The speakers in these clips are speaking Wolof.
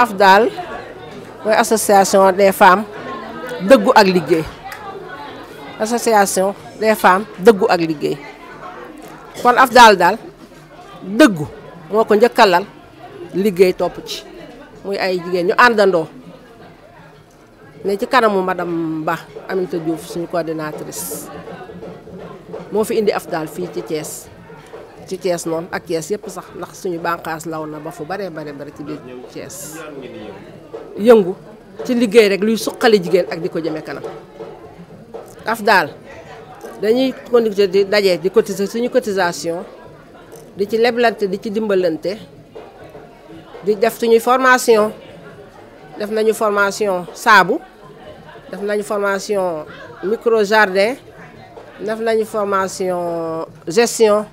af AFDAL mooy association des femmes dëggu ak liggéey association des femmes dëggu ak liggéey kon af daal dëggu moo ko njëkkalal liggéey topp ci muy ay jigéen ñu àndandoo ne ci kanamu madame Ba a Diouf suñu coordinatrice moo fi indi AFDAL fii ci cees ci Thiès noonu ak Thiès yëpp sax ndax suñu bànqaas law na ba fu baree bare bare ci biir Thiès yëngu ci liggéey rek luy suqali jigéen ak di ko jëmee kanam af daal dañuy conducteur di daje di cotiser suñu cotisation di ci leblante di ci dimbalante di def suñuy formation def nañu formation saabu def nañu formation micro jardin def nañu formation gestion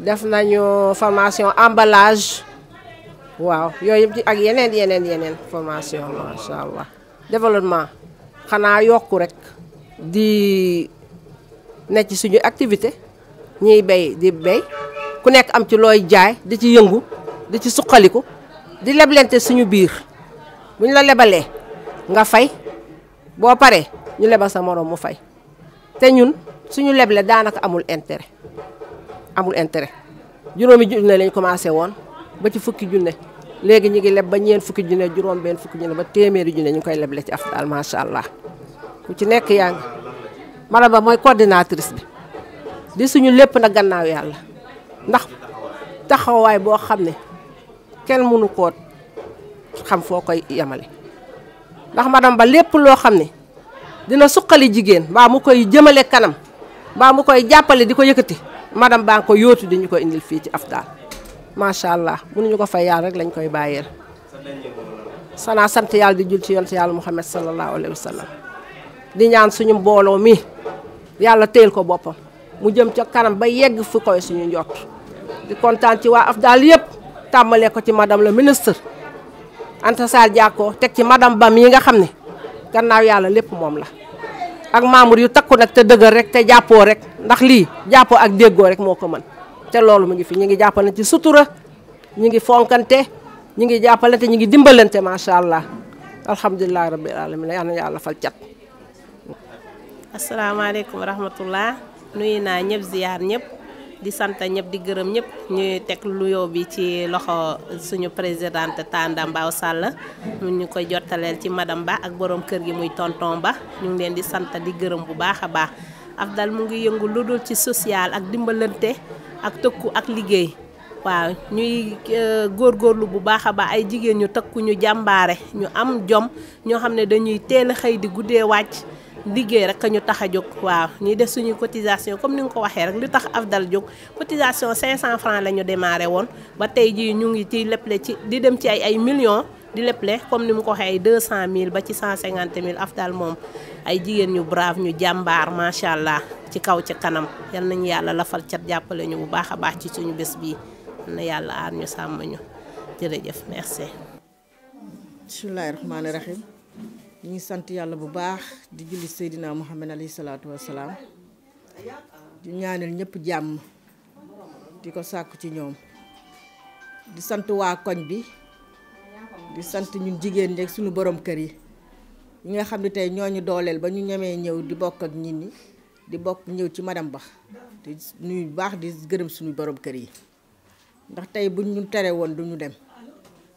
def nañu formation emballage waaw yooyu yëpp ak yeneen yeneen yeneen formation macha allah développement xanaa yokku rek di ne ci suñu activité ñuy bay di bay ku nekk am ci jaay di ci yëngu di ci suqaliku di leblente suñu biir buñ la lebalee nga fay boo paree ñu lebal sa morom mu fay ñun suñu amul intérêt amul intérêt juróomi junne lañu commencé woon ba ci fukki junne léegi ñu ngi leb ba ñeen fukki junne juróom benn fukki junne ba téeméeri junne ñu ngi koy leble ci Afdal macha allah ku ci nekk yaa ngi ba mooy coordinatrice bi di suñu lépp nag gannaaw yàlla ndax taxawaay boo xam ne kenn mënu koo xam foo koy yemale ndax madame ba lépp loo xam ne dina suqali jigéen mbaa mu koy jëmale kanam mbaa mu koy jàppale di ko yëkkati madam baa ngi ko yóotu di ñu ko indil fii ci Afdaal macha allah ñu ko fay yàlla rek lañ koy bàyyeel. sanaa sant yàlla di jul ci yonent yàlla Muhammad sallallahu alayhi wa sallam di ñaan suñu mbooloo mi yàlla téyel ko boppam mu jëm ca kanam ba yegg fu koy suñu njott di kontaan ci waa af Afdaal yëpp tàmbalee ko ci madam la ministre Anta Sarr Diacko teg ci madame Bam yi nga xam ne gannaaw yàlla lépp moom la. ak membre yu takku nag te dëgër rek te jàppoo rek ndax lii jàppoo ak déggoo rek moo ko mën te loolu mu ngi fi ñu ngi jàppalante ci sutura ñu ngi fonkante ñu ngi jàppalante ñu ngi dimbalante macha allah alhamdulilah rabbil alamin yal na yàlla fal cat. asalaamaaleykum wa rahmatullah nuyu naa ñëpp ziyaar ñëpp. di sant ñëpp di gërëm ñëpp ñuy teg luyoo bi ci loxo suñu présidente Tanda Mbaw Sall ñu ñu koy jottaleel ci madam Ba ak borom kër gi muy tonton Ba ñu ngi leen di sant di gërëm bu baax a baax Afdal mu ngi yëngu lu dul ci social ak dimbalante ak tëkku ak liggéey waaw ñuy euh, góor góorlu bu baax a baax ay jigéen ñu tëkku ñu jàmbaare ñu am jom ñoo xam ne dañuy teel a xëy di guddee wàcc liggéey rek ñu tax a jóg waaw ñuy def suñuy cotisation comme ni nga ko waxee rek lu tax dal jóg cotisation 500 francs la ñu démarré woon ba tey jii ñu ngi ci ciy le ci di dem ci ay ay millions di leple comme ni mu ko waxee ay 200000 ba ci 150000 Afdal moom ay jigéen ñu brave ñu jàmbaar macha allah ci kaw ci kanam yal nañu yàlla lafal cat jàppale ñu bu baax a baax ci ci ñu bés bii na yàlla aar ñu sàmm ñu jërëjëf merci. bismillaahi rahmaani rahim. ñi sant yalla bu baax di julli sayidina muhammad Ali salaatu wasalaam di ñaanal ñepp jamm di ko sàkku ci ñoom di sant Wa koñ bi di sant ñun jigéen ñek suñu borom kër yi ñi nga xamni tay ñoñu dolel ba ñu ñame ñew di bok ak ñinni di bok ñew ci madam ba di nuy baax di gëreem suñu borom kër yi ndax tay buñ ñu téré won duñu dem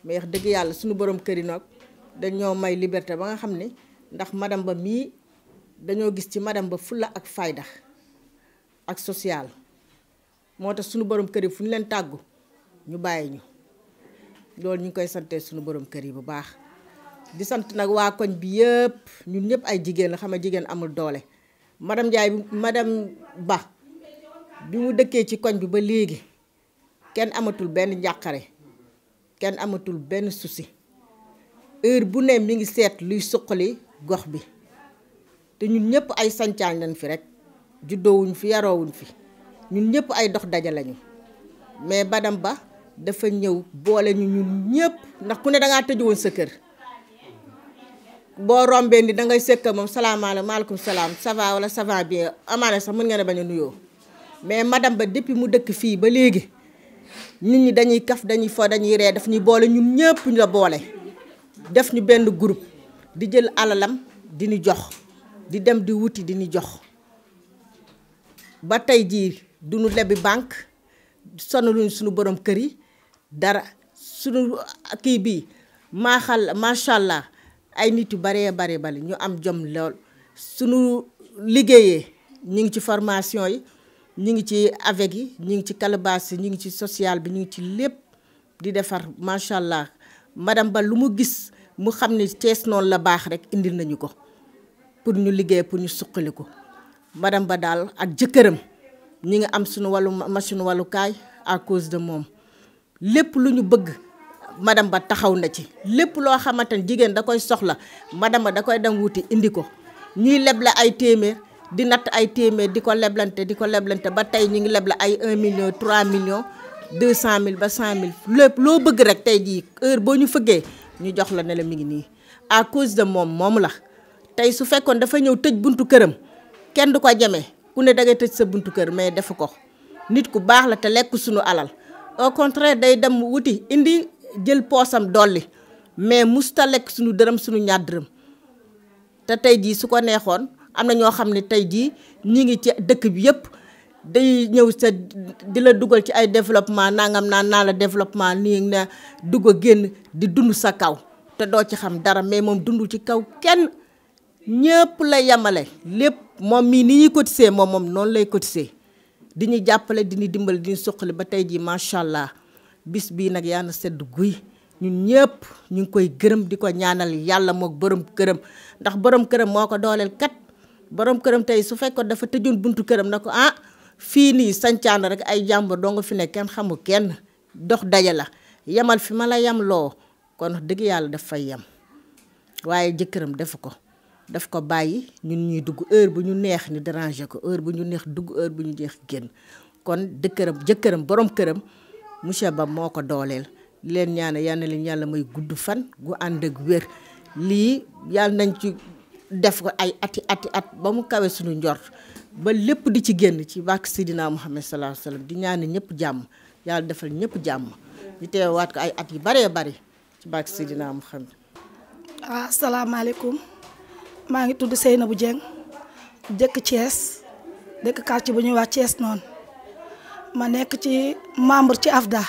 mais wax deug yalla suñu borom kër yi nak dañoo may liberté ba nga xam ne ndax madame ba mii dañoo gis ci madam ba fulla ak fayda ak social moo tax sunu borom kër yi fu ñu leen tàggu ñu bàyyi ñu loolu ñu ngi koy sante sunu borom kër yi bu baax di sant nag waa koñ bi yëpp ñun ñëpp ay jigéen la xam ne jigéen amul doole madame Ndiaye madam Ba bi mu dëkkee ci koñ bi ba léegi kenn amatul benn njàqare kenn amatul benn souci heure bu ne mi ngi seet luy suqali gox bi te ñun ñëpp ay sancaan lañ fi rek juddoowuñ fi yaroowuñ fi ñun ñëpp ay dox daja lañu mais badam ba dafa ñëw boole ñu ñun ñëpp ndax ku ne dangaa tëju woon sa kër boo rombee ni dangay sëkk moom salaamaaleykum maaleykum salaam ça va wala ça va bien amaana sax mën nga ne bañ a nuyoo mais madam ba depuis mu dëkk fii ba léegi nit ñi dañuy kaf dañuy fo dañuy ree daf ñuy boole ñun ñëpp ñu la boole def ñu benn groupe di jël alalam di ñu jox di dem di wuti di ñu jox ba tey jii du ñu lebi banque sonaluñ suñu borom kër yi dara suñu kii bi maaxàlla macha allah ay nit yu baree bare bari ñu am jom lool suñu liggéeyee ñu ngi ci formation yi ñu ngi ci avec yi ñu ngi ci calebasse yi ñu ngi ci social bi ñu ngi ci lépp di defar macha allah madame lu mu gis mu xam ni Thiès noonu la baax rek indil nañu ko pour ñu liggéey pour ñu suqali ko ba daal ak jëkkëram ñi ngi am suñu wàllu machine wàllukaay à cause de moom lépp lu ñu bëgg madame ba taxaw na ci lépp loo xamante ni jigéen da koy soxla madame ba da koy dem wuti indi ko ñuy leble ay téeméer di natt ay téeméer di ko leblante di ko leblante ba tey ñu ngi leble ay 1 million 3 million cent mille ba cent mille lépp loo bëgg rek tey jii heure boo ñu fëggee ñu jox la ne mi ngi nii à cause de moom moomu la tey su fekkoon dafa ñëw tëj buntu këram kenn du ko jamee ku ne dangay tëj sa buntu kër mais defu ko nit ku baax la te lekk suñu alal au contraire day dem wuti indi jël poosam dolli mais musuta lekk suñu dërëm suñu ñaar te tey jii su ko neexoon am na ñoo xam ne tey jii ñi ngi ci dëkk bi yëpp day ñëw sa di la dugal ci ay développement nangam naa naa la développement nii na dugg a génn di dund sa kaw te doo ci xam dara mais moom dundul ci kaw kenn ñëpp la yemale lépp moom mii ni ñuy cotiser moom moom noonu lay cotiser di ñu jàppale di ñu dimbali di ñu suqali ba tey jii macha allah bis bii nag yaa na sedd guy ñun ñëpp ñu ngi koy gërëm di ko ñaanal yàlla moog borom këram ndax borom këram moo ko dooleel kat borom këram tey su fekk dafa buntu këram na ko ah. fii nii sancaan rek ay jàmbur doo nga fi ne kenn xamul kenn dox daje la yamal fi ma la yam loo kon dëgg yàlla daf fay yam waaye jëkkëram defu ko daf ko bàyyi ñun ñuy dugg heure bu ñu neex ñu déranger ko heure bu ñu neex dugg heure bu ñu jeex génn kon dëkkëram jëkkëram borom këram monsieur Ba moo ko dooleel leen ñaan yàlla na yàlla may gudd fan gu ànd ak wér lii yàlla nañ ci def ko ay ati ati at ba mu kawee suñu njor ba lépp di ci génn ci bàkk Sidina Muhammad sallallahu alayhi wa sallam di ñaan ñëpp jàmm yàlla defal ñëpp jàmm ñu teewaat ay at yu baree bari ci bàkk Sidina Muhammad. waaw ah, asalaamaaleykum maa ngi tudd bu Dieng dëkk Thiès dëkk quartier bu ñuy wax Thiès noonu ma nekk ci membre ci AFDA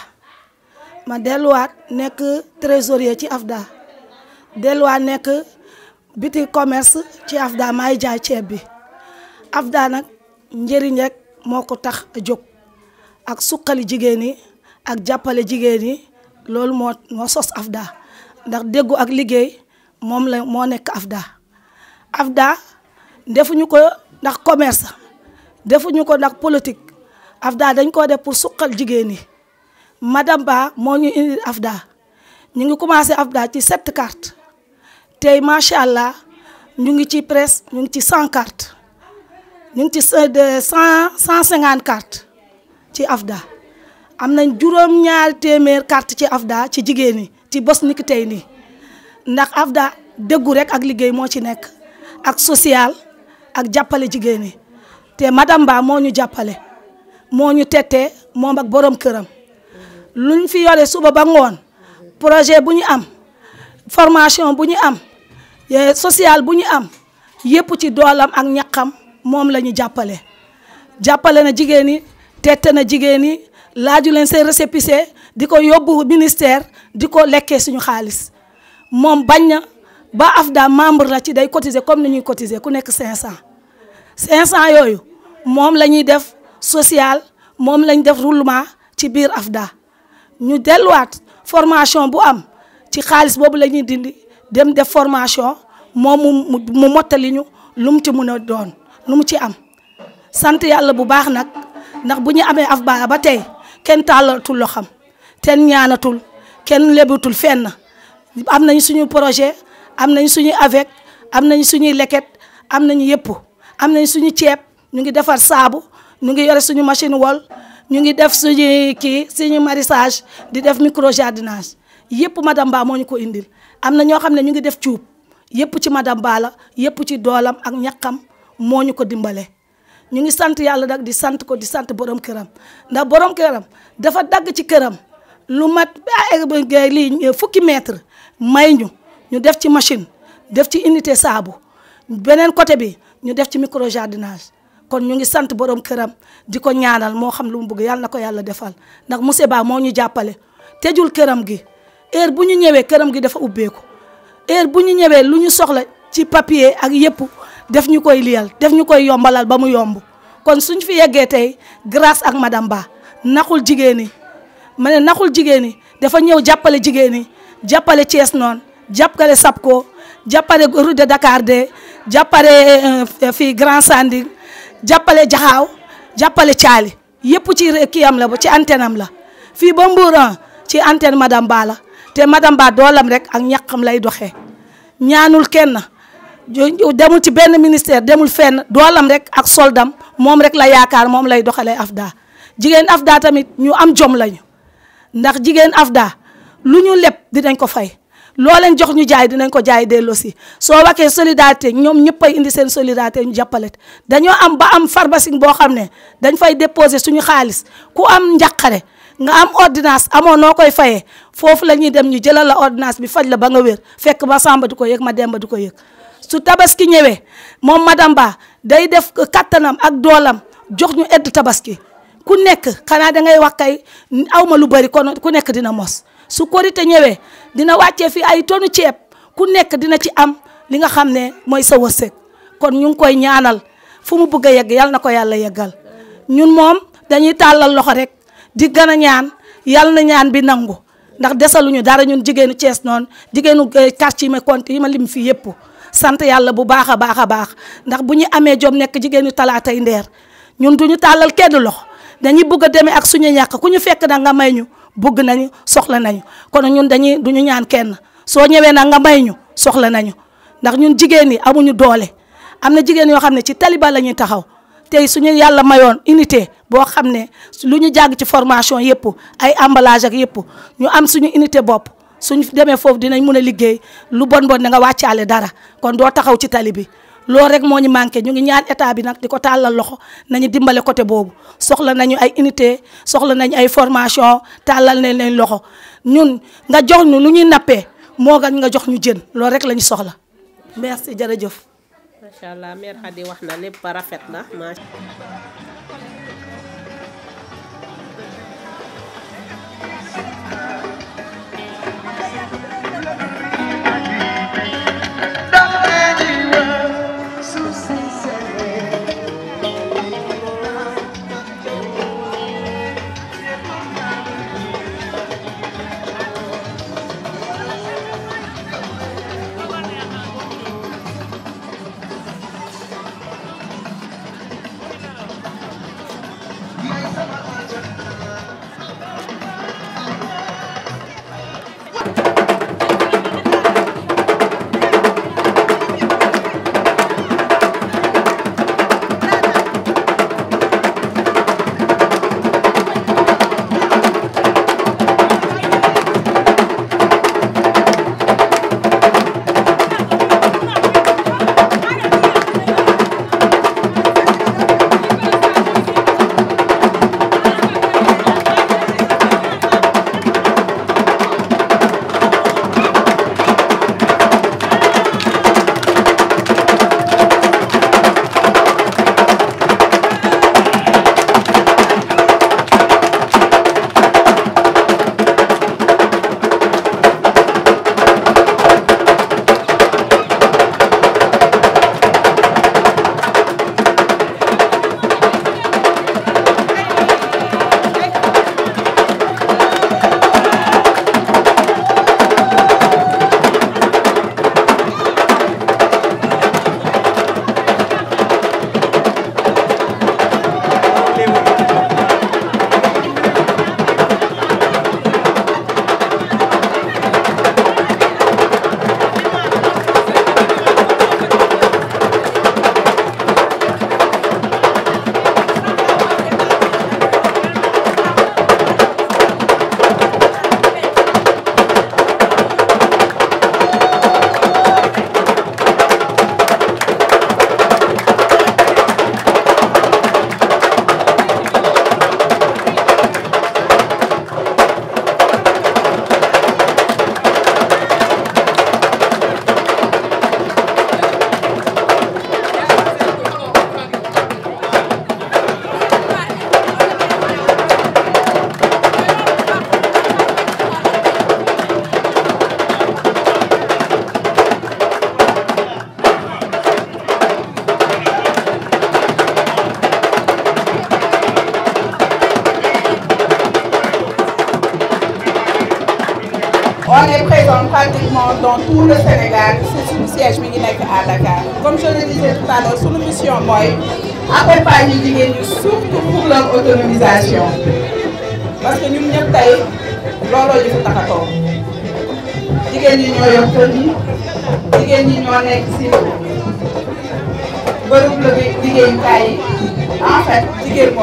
ma delluwaat nekk trésorier ci AFDA delluwaat nekk biti commerce ci AFDA maay jaay ceeb bi. AFDA nag njëriñ rek moo ko tax a jóg ak suqali jigéen ñi ak jàppale jigéen ñi loolu moo sos AFDA ndax déggu ak liggéey moom la moo nekk AFDA AFDA defuñu ko ndax commerce defuñu ko ndax politique AFDA dañ koo def pour suqal jigéen ñi madame Ba moo ñu indi AFDA ñu ngi commencé AFDA ci sept cartes tey macha allah ñu ngi ci presse ñu ngi ci cent cartes. ñu ngi ci cent cent cinquante carte ci AFDA am nañ juróom-ñaar téeméer carte ci AFDA ci jigéen ñi ci bos niki tey nii ndax AFDA déggu rek ak liggéey moo ci nekk ak social ak jàppale jigéen ñi te madame moo ñu jàppale moo ñu tettee moom ak borom këram luñ fi yore suba ba ngoon projet bu ñu am formation bu ñu am eh, social bu ñu am yëpp ci doolam ak ñaqam moom la ñu jàppale jàppale na jigéen ñi tette na jigéen ñi laaju leen seen récépissé di ko yóbbu ministère di ko lekkee suñu xaalis moom bañ na ba AFDA membre la ci day cotiser comme na ñuy cotiser ku nekk 500 500 yooyu moom la ñuy def sociale moom lañ def roulement ci biir AFDA ñu delluwaat formation bu am ci xaalis boobu la ñuy dindi dem def formation moom mu mu mottali ñu lu mu ci mën doon. lu mu ci am sant yàlla bu baax nag ndax bu ñu amee AFBA ba tey kenn tàllatul loo xam kenn ñaanatul kenn lebatul fenn am nañ suñu projet am nañ suñu avec am nañ suñuy leket am nañu yëpp am nañ suñu ceeb ñu ngi defar saabu ñu ngi yore suñu machine wol ñu ngi def suñu kii suñu maraîchage di def micro jardinage yëpp madame Ba moo ñu ko indil am na ñoo xam ne ñu ngi def cuub yëpp ci madame Ba la yëpp ci doolam ak ñaqam moo ñu ko dimbale ñu ngi sant yàlla nag di sant ko di sant borom këram ndax borom këram dafa dagg ci këram lu mat ba lii eh, fukki mètre may ñu ñu def ci machine def ci unité saabu beneen côté bi ñu def ci micro jardinage kon ñu ngi sant borom këram di ko ñaanal moo xam lu mu bëgg yàlla na ko yàlla defal ndax monsieur Ba moo ñu jàppale te jul këram gi heure bu ñu ñëwee këram gi dafa ubbeeku heure bu ñu ñëwee lu ñu soxla ci papier ak yëpp def ñu koy liyal def ñu koy yombalal ba mu yombu kon suñ fi yeggee tey grace ak madame Ba naxul jigéen ñi ma ne naxul jigéen ñi dafa ñëw jàppale jigéen ñi jàppale noon noonu sab ko jàppale route de Dakar de jàppale euh, fii Grand Sanding jàppale Jaxaaw jàppale Caali yëpp ci kii am la ba ci antenne am la fii ba Mbour ah, ci antenne madame Ba la te madame Ba doolam rek ak ñaqam lay doxee ñaanul kenn. demul ci benn ministère demul fenn doolam rek ak soldam moom rek la yaakaar moom lay doxalee AFDA jigéen AFDA tamit ñu am jom lañu ndax jigéen AFDA lu ñu leb dinañ ko fay loo leen jox ñu jaay dinañ ko jaay delloo si soo waxee solidarité ñoom ñëppay indi seen solidarité ñu jàppale dañoo am ba am pharmacie boo xam ne dañ fay déposé suñu xaalis ku am njaqare nga am ordinance amoon noo koy fayee foofu la ñuy dem ñu jëlal la ordinance bi faj la ba nga fekk ma sàmba ko yëg ma demba ko yëg su tabaski ñëwee moom madame Ba day def kattanam ak doolam jox ñu edd tabaski ku nekk xanaa dangay ngay wax kay aw ma lu bari kon ku nekk dina mos su korite ñëwee dina wàccee fi ay tonu ceeb ku nekk dina ci am li nga xam ne mooy sa wërsëg kon ñu ngi koy ñaanal fu mu bëgg a yegg yal na ko yàlla yeggal ñun moom dañuy tàllal loxo rek di gën a ñaan yal na ñaan bi nangu ndax desaluñu dara ñun jigéenu Cees noonu jigéenu eh, quartier yi ma compte yi ma lim fii yëpp sant yàlla bu baax a baax a baax ndax bu ñu amee jom nekk jigéenu talaatay ndeer ñun du ñu tàllal kenn loxo dañuy bugg a demee ak suñu ñàkk ku ñu fekk na nga may ñu bugg nañu soxla nañu kon ñun dañuy du ñu ñaan kenn soo ñëwee nag nga may ñu soxla nañu ndax ñun jigéen ñi amuñu doole am na jigéen yoo xam ne ci taliba la ñuy taxaw tey suñu yàlla mayoon unité boo xam ne lu ñu jàng ci formation yëpp ay emballage ak yëpp ñu am suñu unité bopp. su ñu demee foofu dinañ mun a liggéey lu bon bon da nga wàccaale dara kon doo taxaw ci tali bi loolu rek moo ñu manqué ñu ngi ñaan état bi nag di ko tàllal loxo nañu dimbale côté boobu soxla nañu ay unité soxla nañu ay formation tàllal nañ leen loxo ñun nga jox ñu lu ñuy nappee moo gën nga jox ñu jën loolu rek la ñu soxla merci jërëjëf. macha allah mère Khady wax na lépp rafet na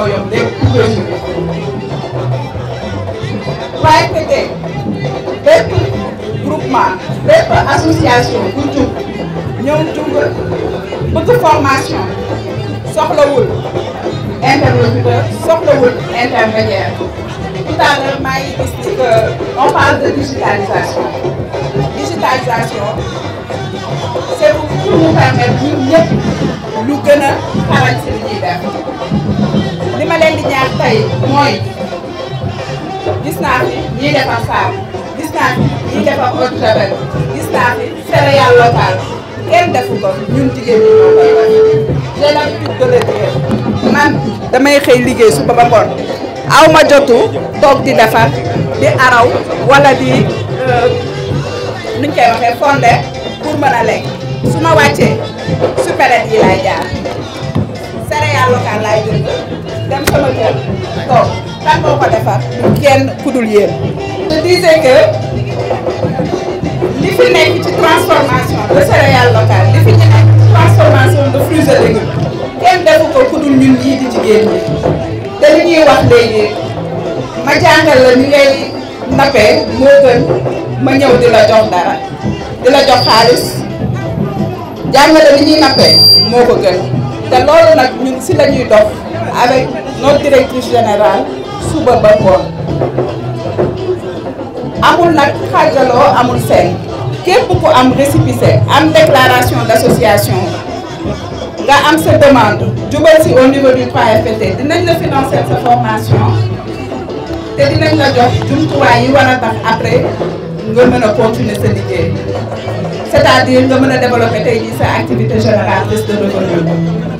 moo yomb léegi couverture bi. waaye fekkee bépp groupement bépp association bu jub ñëw jug bëgg formation soxlawul interlocuteur soxlawul intermédiaire. tout à l'heure maa ngi gis ci que on parle de digitalisation digitalisation c'est pour nous permettre ñun ñëpp lu gën a li ñuy li ma leen di ñaan tey mooy gis naa fi ñiy defar saabu gis naa fi ñiy defar eau de javel gis naa fi céréale locale kenn defu ko ñun jigéen ñi ñoo koy wax j'ai l'habitude de le dire man damay xëy liggéey suba ba ngoon aw ma jotu toog di defar di araw wala di euh, nuñ koy waxee fondé pour mën a lekk su ma wàccee supérette yi laay jaar céréale locale laay jënd dem sama kër toog kan moo ko defar du kenn ku dul yéen. je disais que li fi nekk ci transformation de céréale locale li fi ñu nekk ci transformation de fruits et légumes kenn defu ko ku dul ñun ñii di jigéen ñi te li ñuy wax léegi ma jàngal la ni ngay nappee moo gën ma ñëw di la jox dara di la jox xaalis jàngale li ñuy nappee moo ko gën. te loolu nag ñun si la dox avec notre directrice générale Souba Bakor. ngoon amul nag xaajaloo amul sen. képp ku am récépissé am déclaration d'association nga am cette demande jubal si au niveau du 3FT, dinañ la financer cette formation te dinañ la jox jumtuwaay yi war tax après nous avons continuer sa c'est-à-dire nga mën développer sa activité générale de revenu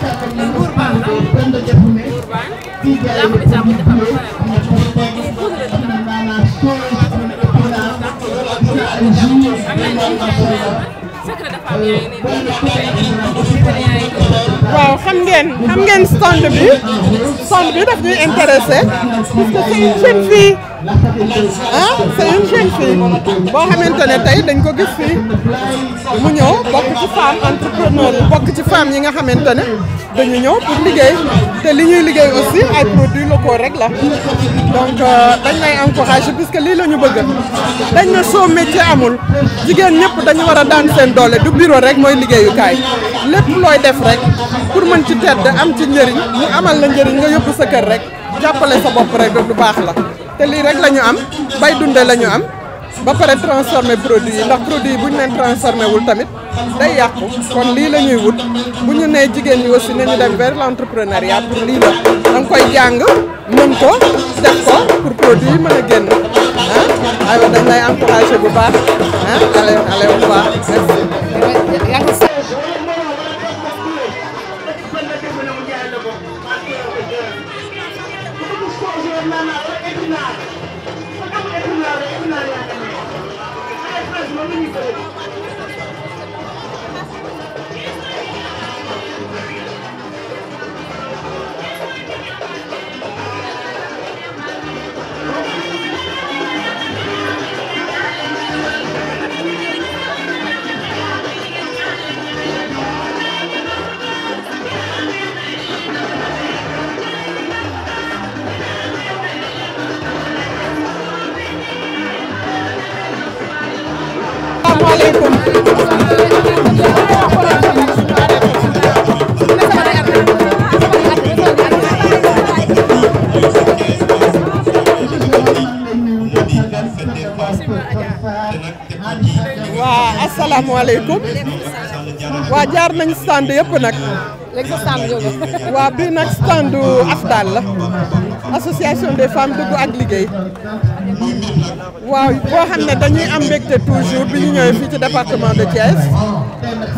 waaw xam ngeen stand bi stand bi daf ñuy intéressé parce que c'est une jeune ah c' est une jeune fille boo xamante ne dañ ko gis fii mu ñëw bokk ci femme entrepreneur yi bokk ci femme yi nga xamante ne dañu ñëw pour liggéey te li ñuy liggéey aussi ay produits locaux rek la donc euh, dañ lay encouragé puisque lii la ñu bëgg dañ na soo métier amul jigéen ñëpp dañu war a daan seen doole du bureau rek mooy liggéeyukaay lépp looy def rek pour mën ci tedd am ci njëriñ mu amal la njëriñ nga yóbbu sa kër rek jàppale sa bopp rek du baax la té li rek la am bay dundé lañu am ba paré transformer produit ndax produit buñu bu transformer wul tamit day yàqu kon li lañuy wut buñu né jigen ñi aussi nañu dem vers l' pour li la dang koy jang mën ko def ko pour produit mëna genn a génn ah dañ lay encourager bu baax ah allez allez bu baax merci. Thank you. waaw asalaamaaleykum waa jaar nañ stand yëpp nag waa bii nag stand AFDAL la association des femmes dugg ak liggéey waaw boo xam ne dañuy am mbégte toujours bi ñu ñëwee fii ci département de Thiès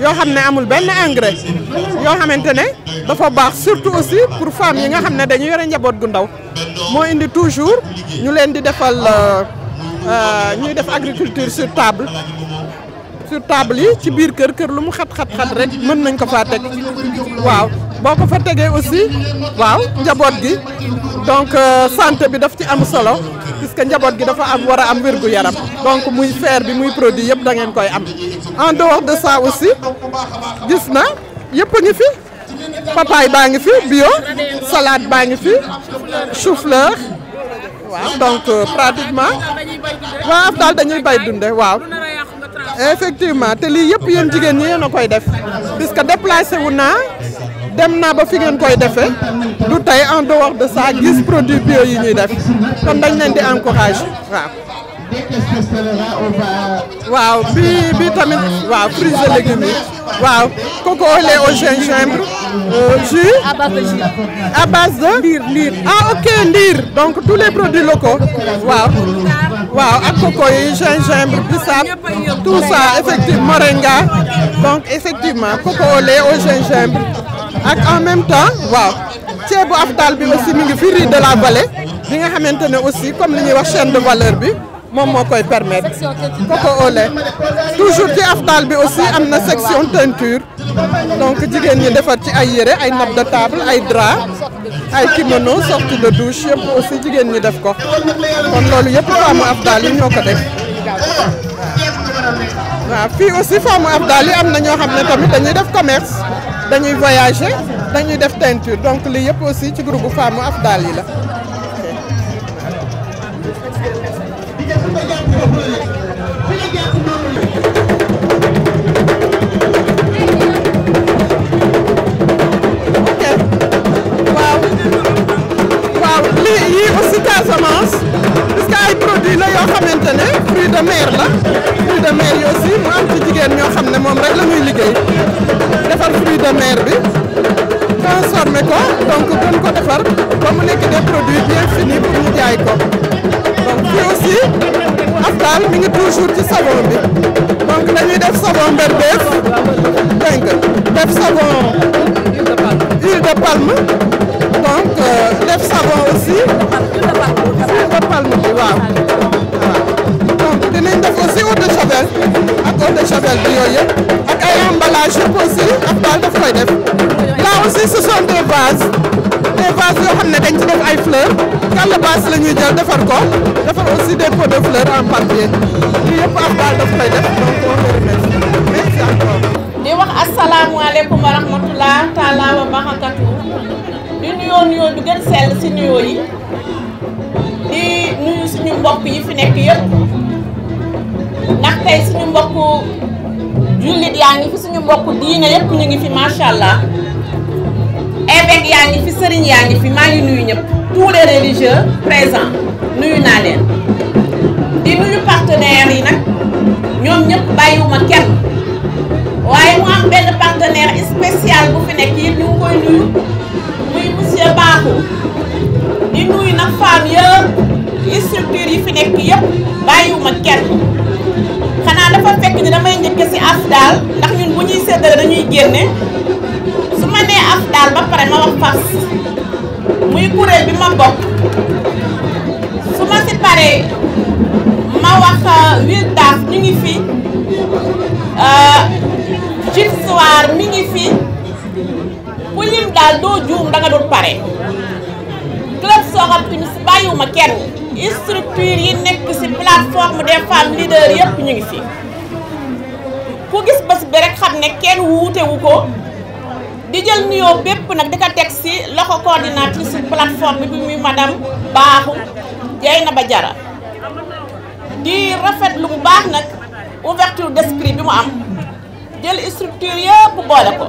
yoo xam ne amul benn engrais yoo xamante ne dafa baax surtout aussi pour femmes yi nga xam ne dañu yore njaboot gu ndaw moo indi toujours ñu leen di defal euh, euh, ñuy def agriculture sur table sur table yi ci biir kër kër lu mu xat-xat-xat rek mën nañ ko faa teg waaw boko fa tege aussi waaw njabot gi donc euh, santé bi daf ci am solo puisque njabot gi dafa am wara am wérgu yaram donc muy fer bi muy produit yeb da ngeen koy am en dehors de ça aussi gis na yëpp ngi fi papaay baa ngi fi bio salade baa ngi fi chou-fleur waaw donc euh, pratiquement waaw dal dañuy bay dundé waaw effectivement te lii yëpp yéen jigéen ñi yéen a koy def puisque déplacé wu naa dem naa ba fi ngeen koy defee du tey en dehors de ça gis produits bio yi ñuy def kon dañ leen di encourage waaw. waaw bi bi tamit waaw fruits et légumes yi coco au lait au gingembre euh, jus à base de ndiir Lir. ah ok lir. donc tous les produits locaux waaw waaw ak coco yi gingembre ça tout ça effectivement moringa donc effectivement coco au lait au gingembre ak en même temps waaw ceebu Afdal bi aussi mi ngi fi de la vallée bi nga xamante ne aussi comme li ñuy wax chaîne de valeur bi moom moo koy permettre coco au toujours ci Afdal bi aussi am na section teinture donc jigéen ñi defar ci ay yére ay nappe de table ay drap ay kimono sortie de douche yëpp aussi jigéen ñi def ko kon loolu yëpp femme Afdal yi ñoo ko def waaw fii aussi femme Afdal yi am na ñoo xam ne tamit dañuy def commerce dañuy voyager dañuy def teinture donc lii yëpp aussi ci groupe femme afdal yi la. bi nii pour ñu jaay ko donc fii aussi Aftal mi ngi toujours ci savon bi donc dañuy def savon mberbeef dégg def savon huile de palme donc euh, def savon aussi huile de palme bi waaw donc dinañ def aussi eau de javel ak eau de javel bi yooyu yëpp ak ay emballage yëpp aussi Aftal daf koy def là aussi ce sont des vases yoo xam ne dañ ci def ay fleurs calebasse la ñuy jël defar ko defar aussi des de fleurs en papier lii yëpp am daal daf koy def donc on le remercie merci di wax asalaamualeykum wa rahmatulah taala wa barakatu di nuyoo nuyoo du gën sell si nuyoo yi di nuyu suñu mbokk yi fi nekk yëpp ndax tey suñu mbokk jullit yaa ngi fi suñu mbokk diine yëpp ñu ngi fi macha évêque yaa ngi fi sëriñ yaa ngi fi maa ngi nuyu ñëpp tous les religieux nuyu naa leen di nuyu partenaires yi nag ñoom ñëpp bàyyiwuma kenn waaye mu am benn partenaire spécial bu fi nekk yi ñu koy nuyu muy monsieur Bakhoum di nuyu nag femme yëpp structure yi fi nekk yëpp bàyyiwuma kenn xanaa dafa fekk ni damay njëkk si af ndax ñun bu ñuy séddale dañuy génne su ma nee af daal ba pare ma wax fas muy kuréel bi ma bokk su ma si paree ma wax euh, wil daaf ñu ngi fi euh, Jules Soir mi ngi fi ku lim daal doo juum da dul pare club Soxal Timis bàyyiwuma kenn structure yi nekk ci plateforme des femmes leaders yépp ñu ngi fi ku gis bés bi rek xam ne kenn wuute ko di jël nuyoo bépp nag di ko teg si loxo coordinatrice plateforme bi muy madame Baaxu Dieynaba Diarra di rafetlu bu baax nag ouverture d'esprit bi mu am jël structure yëpp boole ko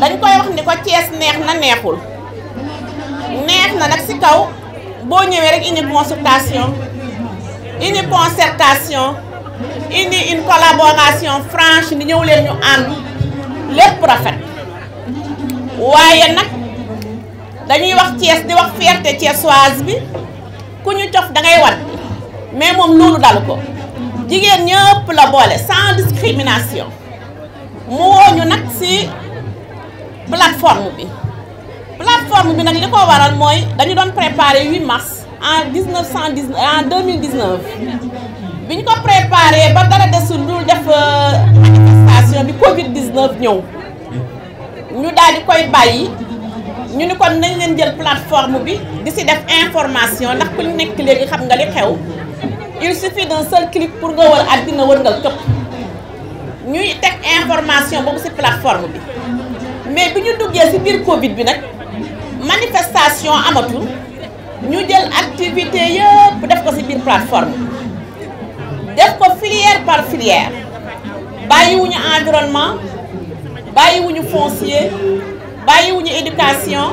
dañ koy wax ni ko Thiès neex na neexul neex na nag si kaw boo ñëwee rek indi consultation indi concertation indi une collaboration franche ni ñëw leen ñu ànd lépp rafet waaye nag dañuy wax Thiès di wax fierté thiessoise bi ku ñu da ngay wat mais moom loolu dal ko jigéen ñëpp la boole sans discrimination mu wooñu nag ci plateforme bi plateforme bi nag li ko waral mooy dañu doon préparer 8 mars en 1919 en 2019 bi ñu ko préparer ba dara desul lu def euh, manifestation bi Covid 19 ñëw. ñu daal di koy bàyyi ñu ni kon nañ leen jël plateforme bi di si def information ndax ku nekk léegi xam nga li xew il suffit d'un seul clic pour nga wër àddina wërngal këpp ñuy teg information boobu si plateforme bi mais bi ñu duggee si biir Covid bi nag manifestation amatul ñu jël activité yëpp def ko si biir plateforme def ko filière par filière bàyyiwuñu environnement. bàyyiwuñu foncier bàyyiwuñu éducation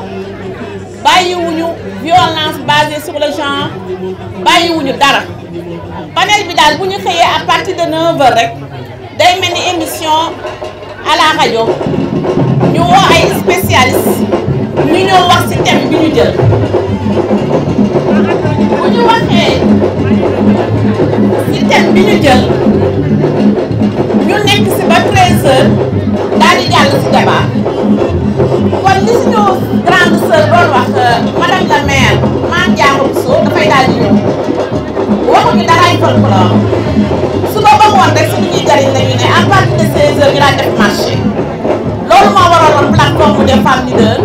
bàyyiwuñu violence basée sur le genre bàyyiwuñu dara panel bi vous nous xeyé à partir de 9h rek day melni émission à la radio ñu wo ay spécialistes ñu avons wax ci thème bi ñu jël. bu ñu waxee système bi ñu jël ñu nekk si ba 13 heures daal di jàll si débat kon li suñu grande sœur doon wax euh, madame la maire Mame Diakhou Bousso dafay daal di ñëw waxuñu daraay folklore su ko bëggoon rek suñu ñuy jëriñ la ñu ne à partir de 16 heures ñu daan def marché loolu moo waraloon plateforme des femmes leaders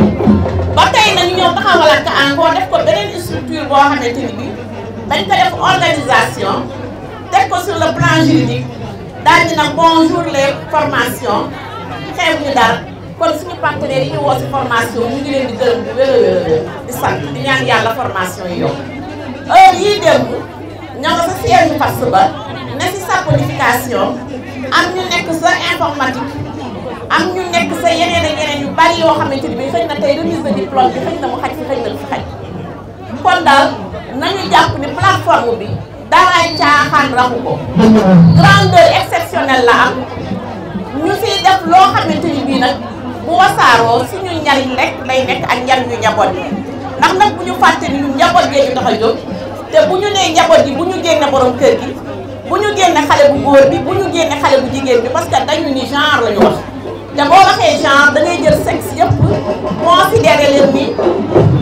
ba tey nag ñoo taxawalaat ko encore def ko beneen. structure boo xamante ni bi dañ ko def organisation teg ko sur le plan juridique daal di bonjour les formations xeeb ñu dal kon suñu partenaire yi ñu woo si formation ñu ngi leen di gërëm di wér a euh, di sant di ñaan yàlla formation yi yokku heure yii dem ña ko sa siège parce ba ne si sa codification am ñu nekk sa informatique am ñu nekk sa yeneen ak yeneen yu bari yoo xamante ni bi xëy na tey remise de diplôme bi xëy na mu xaj fi xëy na fi xaj kon daal nañu jàpp ni plateforme bi daraay caaxaan raxu ko grandeur exceptionnelle la am ñu fiy def loo xamante ni bii nag bu wasaaroo suñu njariñ rek lay nekk ak njariñu njaboot yi ndax nag bu ñu fàtte ni ñu njaboot gee ñu tax a jóg te bu ñu nee njaboot yi bu ñu génne borom kër gi bu ñu génne xale bu góor bi bu ñu génne xale bu jigéen bi parce que dañu ni genre la ñu wax te boo waxee genre da ngay jël sexe yëpp considéré leen ni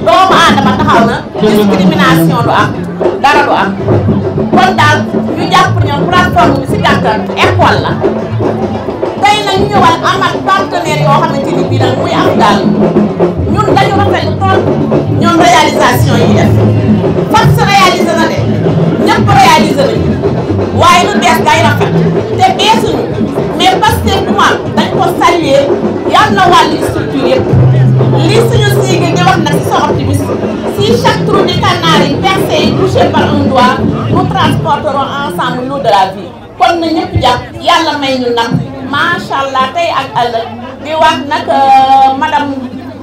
doomu taxaw na discrimination du am dara du am kon daal ñu jàpp ñoom plateforme si gàttal école la tey nag ñu ñëwal am ak partenaire yoo xamante ni bii nag muy am daal dañu rafet tool ñoom réalisation yi def se réaliser na de ñëpp réaliser nañu waaye lu bees day rafet te beesuñu mais parce que bu ma dañ ko saluer yal na wàllu structure yëpp li suñu sigle di wax nag si sa optimiste si chaque trou du canal yi percé et touché par un doigt nous transporterons ensemble l'eau de la vie kon na ñëpp jàpp yàlla may ñu nag macha allah tey ak Allah, di wax nag madame.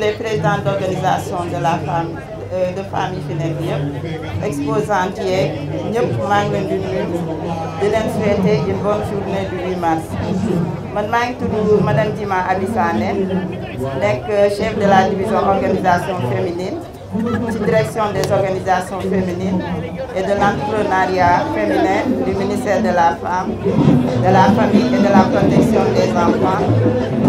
les présidents d'organisations de la femme euh, de famille féminine, exposant hier, ñëpp une bonne journée du 8 mars Je madame Dima Abissane, chef de la division organisation féminine direction des organisations féminines et de l'entrepreneuriat féminin du ministère de la femme de la famille et de la protection des enfants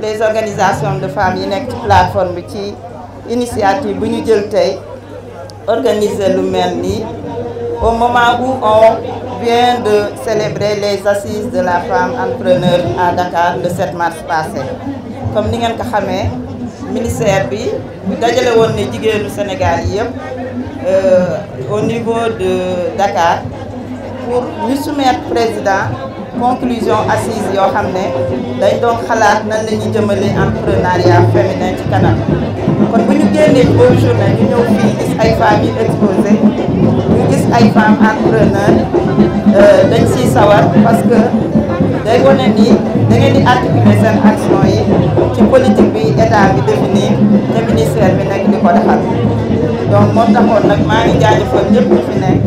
les organisations de femmes une plateforme qui, initiative bu ñu jël au moment où on vient de célébrer les assises de la femme entrepreneur à Dakar le 7 mars passé comme ni ngeen ko xamé ministère bi bu won Sénégal euh, au niveau de Dakar pour nous soumettre président conclusion assise yoo xam dañ doon xalaat nan la ñuy jëmale entrepreneuriat féminin ci kanam kon bu ñu génné boobu journée ñu ñëw fi gis ay femmes yi exposé ñu gis ay femmes entrepreneur euh, dañ ci sawar parce que day wane ni da ngeen di articuler seen action yi ci politique bi état bi définir te ministère bi nekk di ko defal donc moo taxoon nag maa ngi jaajëfal ñëpp ñu fi nekk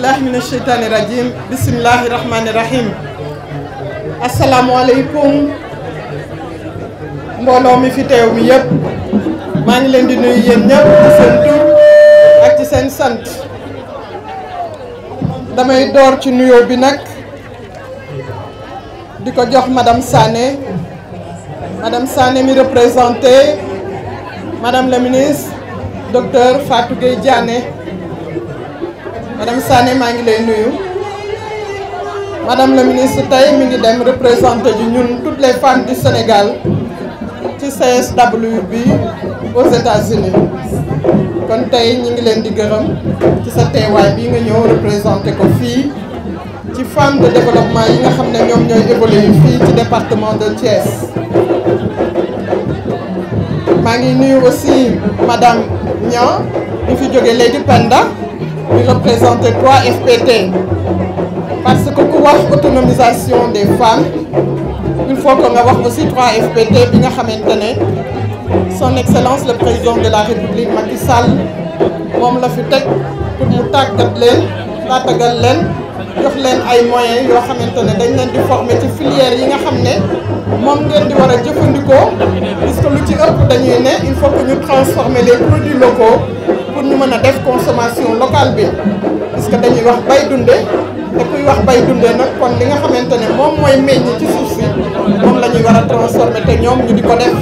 billahi mina sheytaani rajim bismillahi rahmaani rahim asalaamualeykum mbooloo mi fi teew mi maa ngi leen di nuyu yéen ñëpp ci seen tur ak ci seen sant damay door ci nuyoo bi nag di ko jox madam Sané madame Sané mi représenté madame la ministre docteur Fatou Gueye madame Sané maa ngi lay nuyu madame la ministre tey mi ngi dem représenter ji ñun toutes les femmes du Sénégal ci CSW bi aux États-Unis kon tey ñi ngi leen di gërëm ci sa teewaay bii nga ñëw représenter ko fii ci femmes de développement yi nga xam ne ñoom ñooy évoluer fii ci département de Thiès maa ngi nuyu aussi madame Niang ñu fi jóge léegi Penda Nous représenter trois fpt parce que pour avoir l'autonomisation des femmes il faut qu'on ait aussi trois fpt son excellence le président de la république Macky Sall la pour nous, nous moyens filières yi nga il faut que nous transformer les produits locaux pour ñu des consommations def consommation locale bi parce que dañuy wax bay dundé te kuy wax bay dunde quand kon li nga xamante ne pas mooy ci suuf si moom la ñuy transformer te ñoom ñu di ko def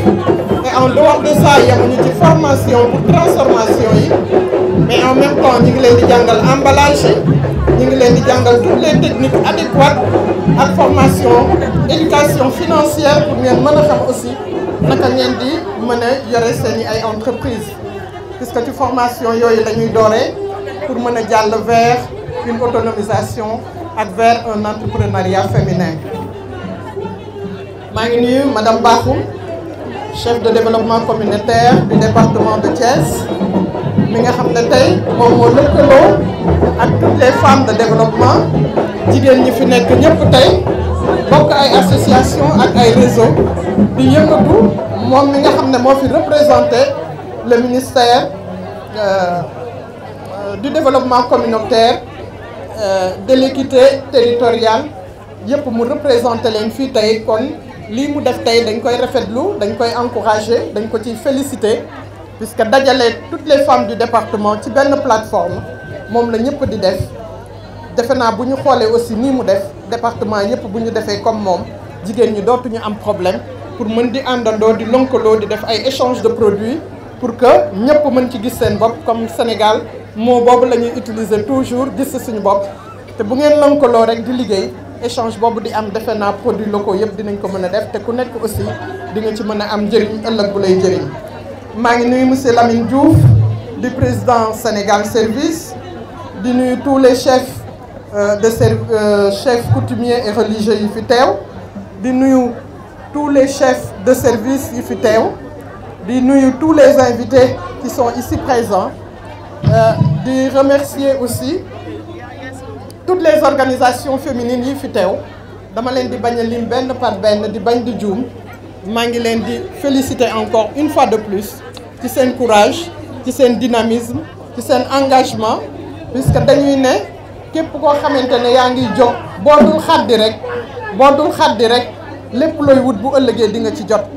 mais en dehors de ça il yemuñu ci formation pour transformation yi mais en même temps ñu ngi leen di jàngal emballage ñu ngi leen di jàngal toutes les techniques adéquates ak formation éducation financière pour bien mën aussi naka ngeen di mën a yore seen i ay entreprise puisque tu formation yooyu la ñuy pour mëna a le vers une autonomisation ak vers un entrepreneuriat féminin ma ngi nuyu madame Bakou chef de développement communautaire du département de Thiès mi nga xam ne tey moom ak toutes les femmes de développement jigéen ñi fi nekk ñëpp tey bokk ay association ak ay réseau di yëngatu moom mi nga xam ne moo représenté le ministère euh, euh, du développement communautaire euh, de l'équité territoriale yëpp mu représenté leen fii tey kon li mu def tay dañ koy rafetlu dañ koy encourager dañ ko ci féliciter puisque dajalé toutes les femmes du département ci benn plateforme mom la ñëpp di def defe naa bu aussi ni mu def département yëpp buñu défé comme mom jigen ñu ñi ñu am problème pour mën di àndandoo di lonkaloo di def ay échange de produits pour que ñëpp mën ci gis seen bopp comme Sénégal moo boobu la ñuy utiliser toujours gis suñu bopp te bu ngeen lëkkaloo rek di liggéey échange boobu di am defe naa produits locaux yëpp dinañ ko mën a def te ku nekk aussi di nga ci mën a am njëriñ ëllëg bu lay njëriñ maa ngi nuyu monsieur Lamine Diouf di président Sénégal Service di nuyu tous les chefs euh, de service euh, chefs coutumiers et religieux yi fi teew di nuyu tous les chefs de service yi fi teew. De nuyu tous les invités qui sont ici présents euh, de remercier aussi toutes les organisations féminines yi fi teew dama leen di bañ a par ben di bañ di juum maa di féliciter encore une fois de plus ci seen courage ci seen dynamisme ci seen engagement puisque dañuy ne képp koo xamante ne yaa ngi jóg boo dul xaddi rek boo dul xaddi rek lépp looy wut bu ëllëgee di nga ci jot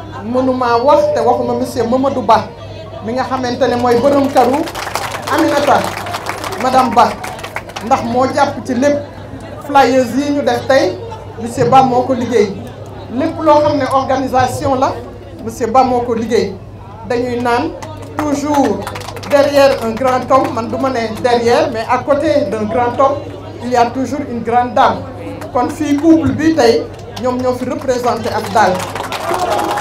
mënumaa wax waxuma monsieur Mamadou Ba mi nga Aminata madame Ba ndax suis japp ci flyers yi ñu def monsieur Ba moko liggéey lo xamné organisation la monsieur Ba moko liggéey dañuy toujours derrière un grand homme man duma derrière mais à côté d'un grand homme il y a toujours une grande dame kon fi couple bi représentons ñoom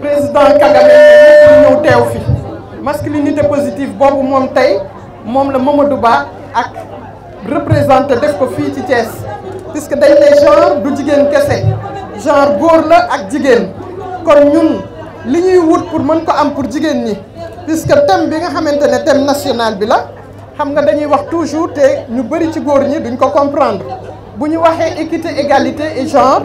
président Kagame masculinité positive bobu mom tay mom la Mamadou Ba ak puisque dañ genre du jigen kessé genre la ak pour ko am pour thème bi nga national bi la xam nga toujours ñu ci comprendre bu ñu équité égalité et genre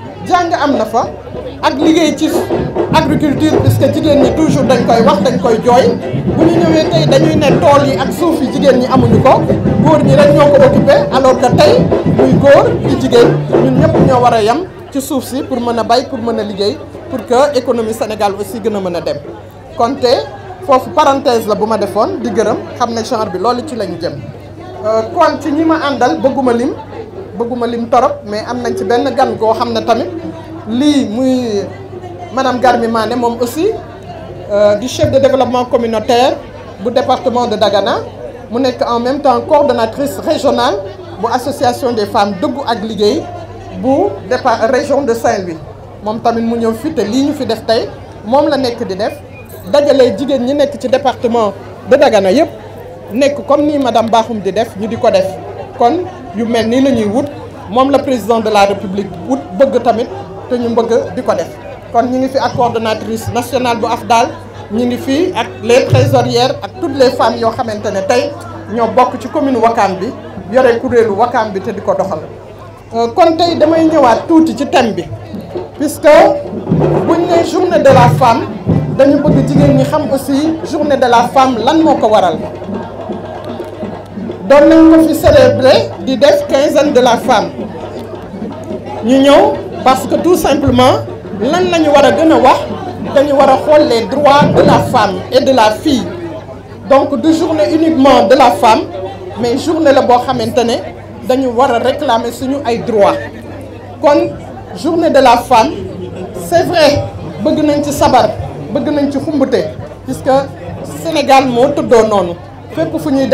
jàng am na fa ak liggéey ci agriculture puisque jigéen ñi toujours dañ koy wax dañ koy jooy bu ñu ñëwee tey dañuy ne tool yi ak suuf yi jigéen ñi amuñu ko góor ñi rek ñoo ko occupé alors que tey muy góor di jigéen ñun ñëpp ñoo war a yem ci suuf si pour mën a bay pour mën a liggéey pour que économie Sénégal aussi gën a mën a dem konte te foofu parenthèse la bu ma defoon di gërëm xam ne genre bi loolu ci lañu jëm euh, kon ci ñi ma àndal bëgguma lim bëgguma lim torop mais am nañ ci benn gan goo xam ne tamit lii muy madame Garmi Mané mom aussi euh, du chef de développement communautaire bu département de Dagana mu est en même temps coordonnatrice régionale bu association des femmes dëggu ak de bu région de Saint-Louis moom tamit mu ñëw fi te lii ñu fi def tey moom la nek di def dajale jigéen ñi nek ci département de Dagana yëpp nek comme ni madame Bahoum di def ñu di ko def kon yu mel nii la ñuy wut moom la président de la république wut bëgg tamit te ñu bëgg di ko kon ñu ngi fi ak coordonnatrice nationale bu AFDAL ñu ngi fii ak les trésorières ak toutes les femmes yoo xamante ne tey ñoo bokk ci commune Wakam bi yore kuréelu Wakam bi te di ko doxal euh, kon tey damay ñëwaat tuuti ci thème bi puisque buñ ne journée de la femme dañu bëgg jigéen ñi xam aussi journée de la femme lan moo ko waral nous avons célébré le célébrer 15 15 de la femme Nous, parce que tout simplement nous avons ñu les droits de la femme et de la fille donc deux journées uniquement de la femme mais journée la boo nous dañu réclamer suñu droits Donc, journée de la femme c'est vrai bëgg nañ ci nous bëgg nañ ci xumbute puisque le Sénégal est tëddoo donné. fépp fu ñuy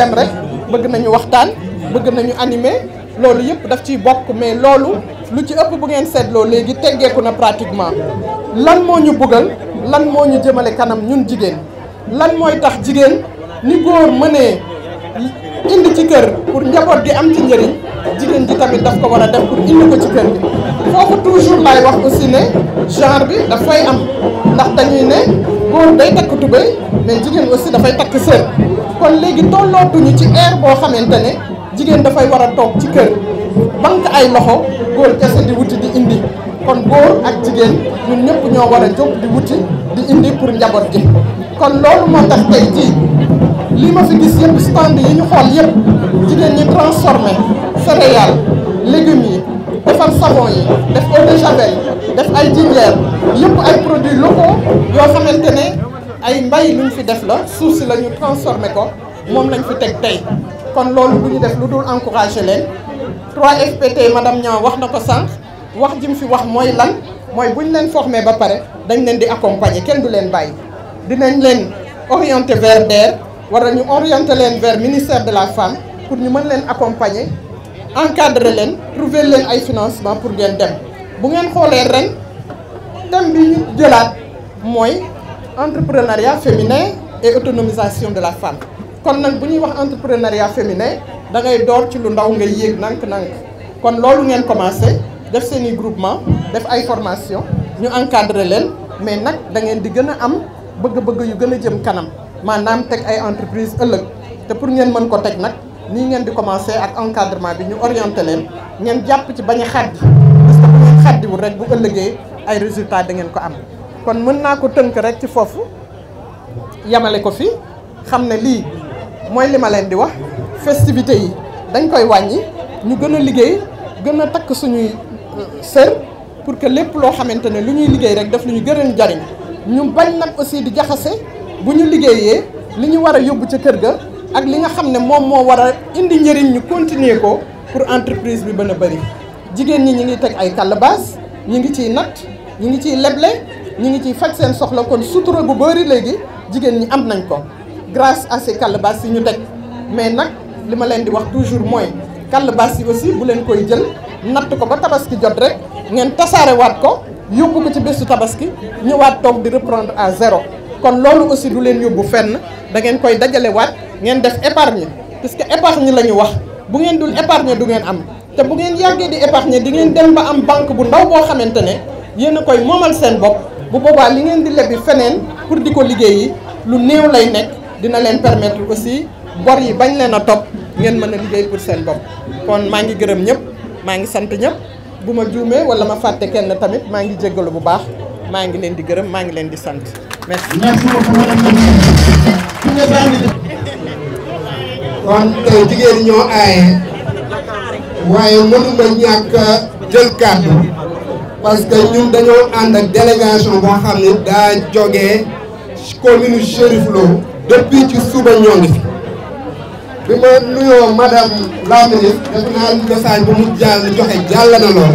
bëgg nañu waxtaan bëgg nañu animer loolu yëpp daf ciy bokk mais loolu lu ci ëpp bu ngeen seetloo léegi teggeeku na pratiquement lan moo ñu bëggal lan moo ñu jëmale kanam ñun jigéen lan mooy tax jigéen ni góor mënee indi ci kër pour njaboot gi am ci njëriñ jigéen ji tamit daf ko war a def pour indi ko ci kër gi foofu toujours laay wax aussi ne genre bi dafay am ndax dañuy ne góor day takk tubéy mais jigéen aussi dafay takk sër kon léegi tollootuñu ci ère boo xamante ne jigéen dafay war toog ci kër bank ay loxo góor kese di wuti di indi kon góor ak jigéen ñun ñëpp ñoo war a jóg di wuti di indi pour njaboot gi kon loolu moo tax tey jii li ma fi gis yëpp stand yi ñu xool yëpp jigéen ñi transformé céréales légumes yi defar savon yi def eau def ay jinjeer yëpp ay produits locaux yoo xamante ne ay mbay lu ñu fi def la suuf si la ñu transformé ko moom lañ fi teg tey kon loolu lu def lu dul encouragé leen 3FPT madame Niang wax na ko sànq wax ji mu fi wax mooy lan mooy bu ñu leen formé ba pare dañ leen di accompagner kenn du leen bàyyi dinañ leen orienté vers DER wala ñu orienté leen vers ministère de la femme pour ñu mën leen accompagner encadrer leen trouver leen ay financement pour ngeen dem bu ngeen xoolee ren thème bi ñu jëlaat mooy entrepreneuriat féminin et autonomisation de la femme kon nag bu ñuy wax entrepreneuriat féminin da ngay door ci lu ndaw ngay yéeg nank-nank kon loolu ngeen commencé def seen i groupement def ay formation ñu encadrer leen mais nag da ngeen di gën a am bëgg-bëgg yu gën a jëm kanam maanaam teg ay entreprise ëllëg te pour ngeen mën ko teg nag nii ngeen di commencé ak encadrement bi ñu orienté leen ngeen japp ci bañ a parce que bu ngeen xàddiwul rek bu ëllëgee ay résultats da ngeen ko am kon mën naa ko tënk rek ci foofu yamale ko fi xam ne lii mooy li ma leen di wax festivité yi dañ koy wàññi ñu gën a liggéey gën a takk suñuy euh, sër pour que lépp loo xamante ne lu ñuy liggéey rek daf lu ñu gën a jariñ ñu bañ nag aussi di jaxase bu ñu liggéeyee li ñu war a yóbbu ca kër ga ak li nga xam ne moom moo war a indi njëriñ ñu continuer ko pour entreprise bi bën a bëri jigéen ñi ñu ngi teg ay calebasses ñu ngi ciy nat ñu ngi ciy leble ñi ngi ci faj seen soxla kon sutura bu beuri legi jigen ñi am nañ ko grâce à ces calebasses yi ñu tek mais nak lima ma leen di wax toujours moy calebasses yi aussi bu leen koy jël nat ko ba tabaski jot rek ngeen wat ko ko ci tabaski wat tok di reprendre à zéro kon lolu aussi du leen yóbbu fenn da ngeen koy wat ngeen def épargne que épargne lañu wax bu ngeen dul épargne du ngeen am té bu ngeen yagge di épargne di ngeen dem ba am banque bu ndaw bo xamantene ne koy momal seen bop bu boba li ngeen di lebi fenen pour diko liggey lu néew lay nek dina len permettre aussi bor yi bañ leen top ngeen meuna liggey pour sen bop kon ma ngi gërëm ñep ma ngi sant ñep buma ma wala ma fàtte kenn tamit ma ngi jéggalu bu baax ma ngi len di gërëm ma ngi len di sant merci. merci beaucoup kon tay jigéen ñoo waye mënu ma ñak jël cadeau parce que ñun dañoo ànd ak délégation boo xam ne daa jógee commune Chérif Lo depuis ci suba ñoo ngi fi bi ma nuyoo madame la ministre def naa message bu mu jàll joxe jàll na lool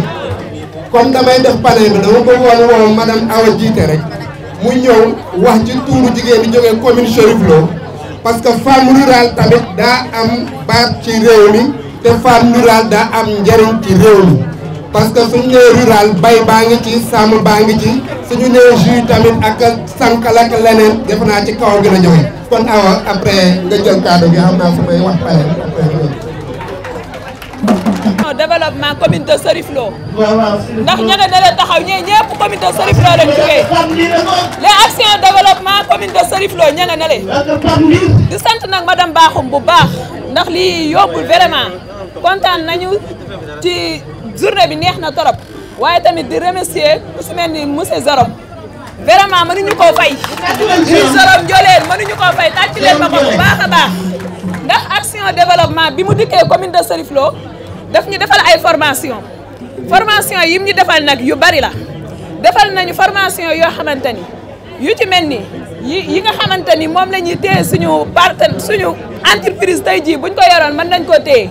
comme damay def panel bi dama ko woon woo madame Awa jiite rek mu ñëw wax ci tuuru jigéen bi jógee commune Chérif Lo parce que femme rurale tamit daa am baat ci réew mi te femme rurale daa am njëriñ ci réew mi parce que suñu nee rural tamit ak sànqal ak leneen def ci kaw gën a joxe kon awa après nga jël kàddu gi xam naa su wax pare après développement commune de Serif Lo ndax ña nga dalee taxaw ñee ñëpp commune de Serif Lo lañ jugee les actions développement commune de Serif Lo ña nga nele di sant nag madame Bakhoum bu baax ndax lii yombul vraiment kontaan nañu ci journée bi neex na torop waaye tamit di remercier ku si mel ni monsieur Zorom vraiment mënuñu koo fay monsieur Zorom Ndioléen mënuñu leen ma ko bu baax a baax ndax action développement bi mu dikkee commune de Serif Lo daf ñu defal ay formation formation yi ñu defal nag yu bari la defal nañu formation yoo xamante ni yu ci mel ni yi yi nga xamante ni moom la ñuy téye suñu parten suñu entreprise tey jii buñ ko yoroon mën nañ koo téye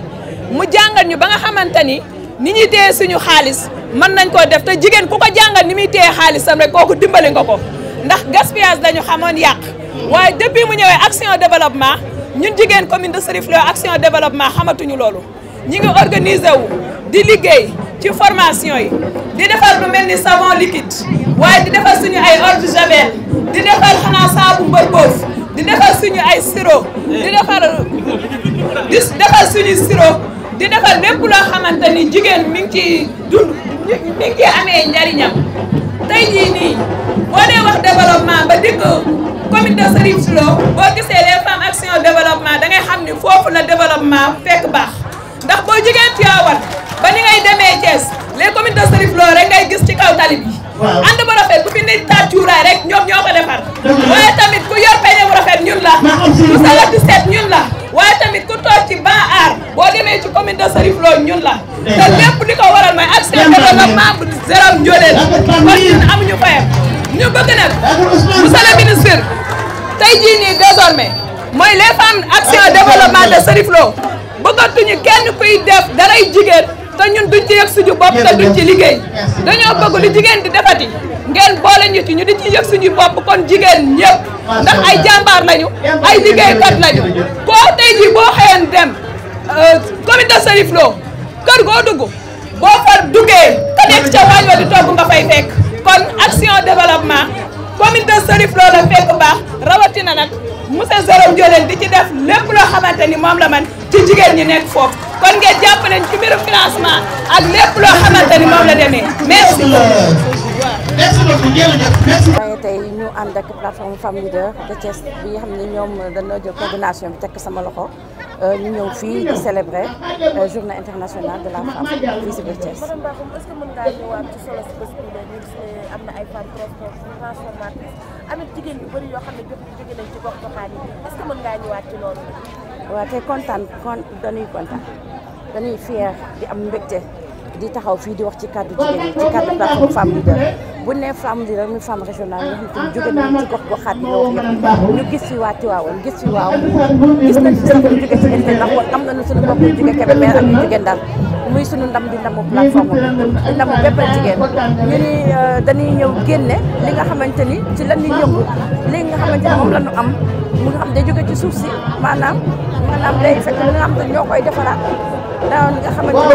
mu jàngal ñu ba nga xamante ni ni ñuy téye suñu xaalis man nañ koo def te jigéen ku ko jàngal ni muy téye xaalisam rek kooku dimbali nga ko ndax gaspillage dañu xamoon yàq waaye depuis mu ñëwee action développement ñun jigéen commune de Cherif action développement xamatuñu loolu ñi ngi organiser wu di liggéey ci formation yi di defar lu mel ni savon liquide waaye di defar suñu ay eau du javel di defar xanaa saabu mbër boof di defar suñu ay sirop di defar di defar suñu sirop di defal lépp lo xamanteni jigen mi ngi dund mi ngi amé amee njariñam tey jii nii boo dee wax développement ba dikk comité Serigne Sylo bo gisee les femmes action développement da ngay xamni fofu la développement fekk bax ndax bo jigen Tivaouane ba ni ngay démé ties les comités Serigne Sylo rek ngay gis ci kaw tali bi. waaw ànd rafet bu fi nit taat rek ñom ñoko défar waye tamit ku yor peñe bu rafet ñun la. ku salat ci set ñun la. tamit ku toog ci ban aar boo demee ci commune de Serif ñun la te lépp li ko waral mooy accès développement bu zéro njóoleel kon ñun amuñu fayam ñu bëgg nag monsieur le ministre tey jii nii désormais mooy les femmes accès au développement de Serif Lo bëggatuñu kenn kuy def daray jigéen te ñun duñ ci yëg bopp te duñ ci liggéey dañoo bëgg lu jigéen di defati ngeen boole ñu ci ñu di ci yëg suñu bop kon jigen ñepp ndax ay jambar lañu ay kat lañu ko tay ji bo xeyen dem euh, commune de Serif Lo kër go dugg bo fa duggé ka nek ci wañu di togg nga fay fekk kon action développement comité de Serif Lo la fekk baax na nak monsieur Zorom Ndiolène di ci def lépp loo xamante ni moom la man ci jigéen ñi nekk foofu kon ngeen jàpp leen ci mbiru financement ak lépp loo ni moom la demee merci beaucoup merci beaucoup tey ñu ànd ak plateforme femme leader de Thiès bi nga xam ne ñoom dañoo jël coordination bi tekk sama loxo euh, ñu ñëw fii di célébrer euh, journée internationale de la femme fii si biir Thiès. est-ce que mën ngaa ñëwaat ci solo si bés bi la ñu gis ne am na ay femmes transformatrices amit jigéen yu bëri yoo xam ne jot jóge nañ ci gox goxaan yi est-ce que mën ngaa ñëwaat ci loolu. waaw tey kontaan kon dañuy kontaan dañuy fier di am mbégte. di taxaw fii di wax ci kàddu jigéen ñi ci kàddu plateforme femme leader bu ne femme leader muy femme régionale nga xam te jóge nañ bi nga gis fi waa Tiwaawoon waaw gis nañ ci sax ñu jóge ci ente ndax woon am nañu suñu mbokk ñu jóge Kébémer ak ñu jóge Ndar muy euh, li nga xamante ni ci lan ñuy yëngu li nga xamante ni moom la am mu nga xam day jóge ci suuf si maanaam maanaam day fekk li nga xam te ñoo koy defaraat daaw li nga xamante ni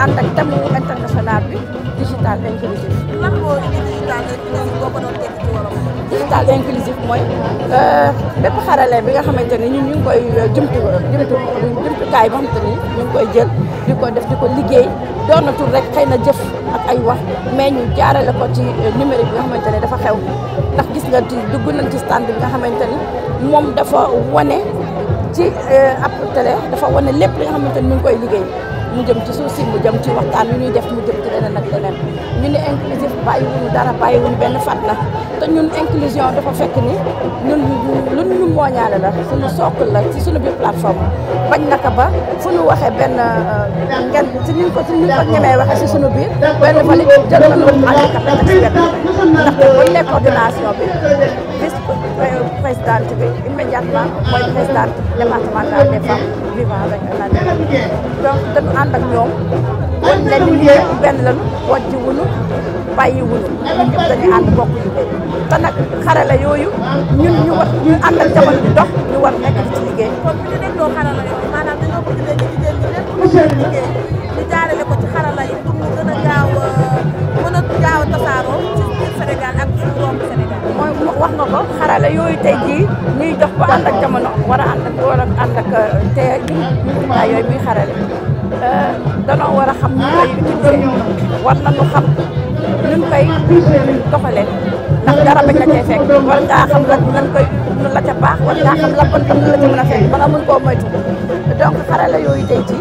ànd ak thème international bi digital inclusif. digital inclusif digital inclusif mooy euh, bépp xarale bi nga xamante ni ñu ngi koy euh, jumtu jumtu jumtukaay boo xamante ñu koy jël di ko def di ko liggéey doonatul rek xëy na jëf ak ay wax mais ñu jaarale ko ci euh, numérique bi nga xamante dafa xew ndax gis nga ci dugg nañ ci stand xamante ni moom dafa wane ci ab télé dafa wane lépp li nga xamante ni ñu ngi koy liggéey. mu jëm ci suuf si mu jëm ci waxtaan yu ñuy def mu jëm ci leneen ak leneen ñu ne inclusif bàyyiwuñu dara bàyyiwuñu benn fànn la te ñun inclusion dafa fekk ni ñun lu ñu mooñaale la suñu sookul la ci suñu biir plateforme bañ naka ba fu ñu waxee benn euh, ngeen si ñu ko si ñu ko ñemee waxee si suñu biir benn valide jël nañu handicapé ak ndaxte buñ nekk coordination bi présidente donc dañu ànd ak ñoom wan leen liggéey te nag xarala yooyu ñun ñu ñu ànd ak jamono di dox ñu war nekk ci liggéey. liggéey. wax nga ko yooyu tey jii ñuy jox ko ànd ak jamono war a ànd ak war a ànd ak euh, te jumtukaay yooyu muy xarale euh, danoo war a xam ñu koy utiliser war nañu xam ñun koy doxalee ndax dara bañ la cay fekk war ngaa xam lan lan koy nu la ca baax war ngaa xam la bon tam la ca mën a fekk ba nga mën donc xarala yooyu tey ci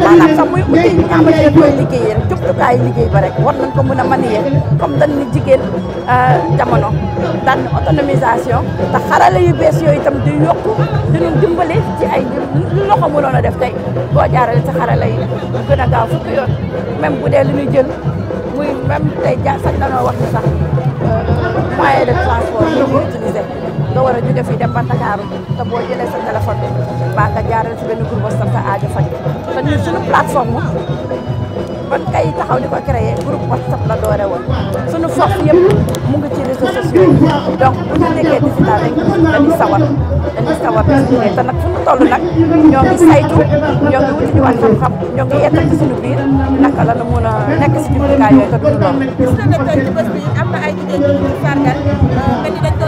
maanaam sax muy outil bi nga xamante koy liggéeyee rek jumtukaay liggéey ba rek war nañ ko mën a manier comme dañ ni jigéen euh, jamono dañ autonomisation te xarala yu bees yooyu itam di yokku dinu dimbale ci ay lu loxo mënoon a def tey boo jaarale sa xarala yi gën a gaaw yoon même bu dee lu ñuy jël muy même tey ja sax danoo wax sax euh, moyen de transport nga war a jóge fii dem ba Ndakaaru te boo jëlee sa téléphone bi mbaa nga jaarale si benn groupe WhatsApp sa aajo faj te ñun suñu plateforme ban kay taxaw di ko créé groupe WhatsApp la doore woon suñu sox yëpp mu ngi ci réseaux sociaux yi donc bu ñu nekkee digital rek dañuy sawar dañuy sawar dañuy te nag fu mu toll nag ñoo ngi saytu ñoo ngi wuti di waat xam-xam ñoo ngi yettal ci suñu biir naka la nu mun a nekk si jumtukaay yooyu te duñu lool. gis na ne tey ci bés bi am na ay jigéen ñu sargal euh, mel ni dañ ko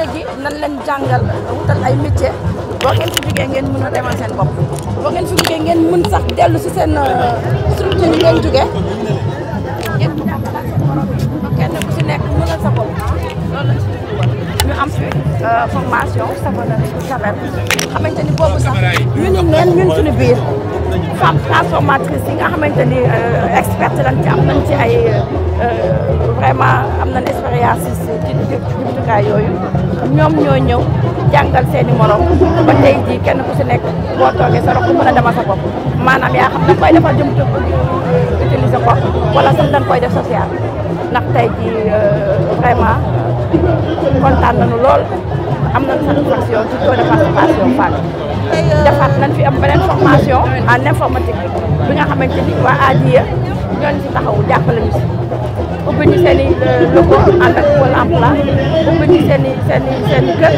léegi nan jàngal ay métier boo ngeen fi jugee ngeen mën a demal seen bopp boo ngeen fi jugee ngeen mën sax dellu si seen euh, structure yi ngeen jugee ngeen jàppalaat seen borom kenn ku si nekk mënal sa bopp loolu lañ am fi euh, ni boobu sax ñu ni neen ñun suñu biir femme transformatrice yi nga xamante ni euh, experte lañ ci am nañ ci ay vraiment am nañ expérience ci jumtukaay yooyu ñoom ñoo ñëw jàngal seeni morom ba tey jii kenn ku si nekk boo toogee sa roxu mën a demal sa bopp maanaam yaa xam da koy defal jumtu utiliser ko wala sax dañ koy def social ndax tey jii euh, vraiment kontaan nañu lool am nañ satisfaction ci taux de participation fànn defaat nañ fi am beneen formation en informatique bi nga xamante ni waa ADIE ñoo ñu si taxawu jàppale ñu si ubbi ñu seen i euh, locaux ànd ak Pôle ñu seen i seen i seen i kër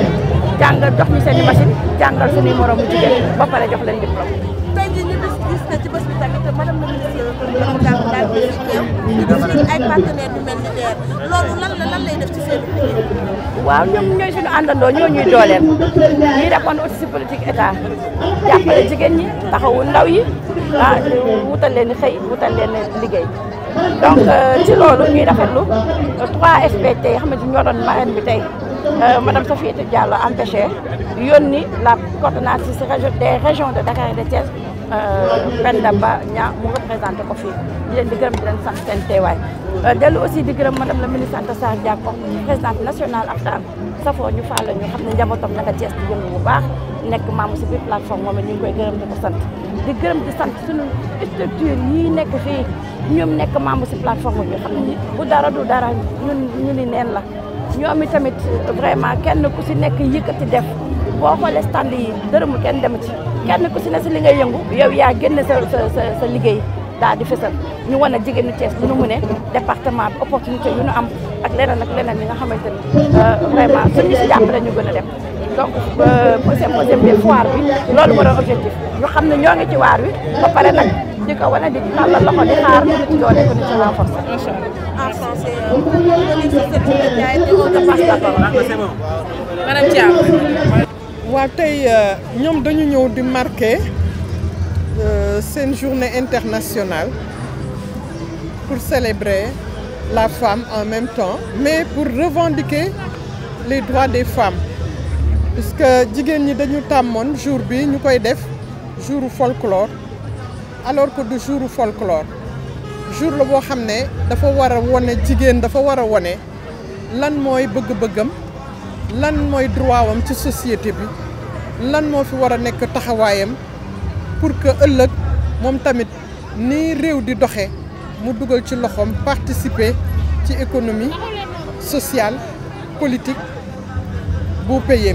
jàngal jox ñu seen i machine jàngal ba pare jox leen diplôme. tey jii ñu ni DER loolu lan la lan lay def ci seen waaw ñoom ñooy suñu àndandoo ñoo ñuy dooleel ñuy répondre aussi si politique état jàppale jigéen ñi taxawu ndaw yi ah wutal leen xëy wutal leen liggéey. donc euh, ci loolu ñuy rafetlu 3FPT yi xam ne ñoo doon marraine bi tey euh, madame Safietou Diallo empêché yónni la coordonnatrice des régions de Dakar et de Thiès euh, Penda Ba ña mu représenté ko fii di leen di gërëm di leen sant seen teewaay dellu aussi di gërëm madame la ministre Anta Sarr Diakho présidente nationale am safoo ñu fàlla ñu xam ne njabootam naka Thiès di yëngu bu baax nekk maamu si biir plateforme moom it ñu ngi koy gërëm di ko sant di gërëm di sant suñu structure yi nekk fii ñoom nekk membre si plateforme bi xam ni bu dara du dara ñun ñu ni neen la ñoom tamit vraiment kenn ku si nekk yëkkati def boo xoolee stand yi dërëmu kenn dem ci kenn ku si ne si li ngay yëngu yow yaa génne sa sa sa liggéey daal di fesal ñu wan a jigéenu Thiès bu nu mu ne département bi opportunité yu nu am ak leneen ak leneen yi nga xamante ni euh, vraiment suñu si jàppale ñu gën a dem donc euh, posé posé bi foire bi loolu moo doon objectif ñu xam ne ñoo ngi ci waar wi ba pare nag di ko wane di tàllal loxo di xaar doole ko di ci renforcer. incha allah encensé madame Thiam. waaw tey euh, ñoom dañu ñëw di marqué euh, seen journée internationale pour célébrer la femme en même temps mais pour revendiquer les droits des femmes. puisque jigéen ñi dañu tàmmoon jour bi ñu koy def jouru folklore alors que du jouru folklore jour la boo xam ne dafa war a wone jigéen dafa war a wone lan mooy bëgg-bëggam lan mooy droit wam ci société bi lan moo fi war a nekk taxawaayam pour que ëllëg moom tamit ni réew di doxe mu dugal ci loxoom participer ci économie sociale politique bu pays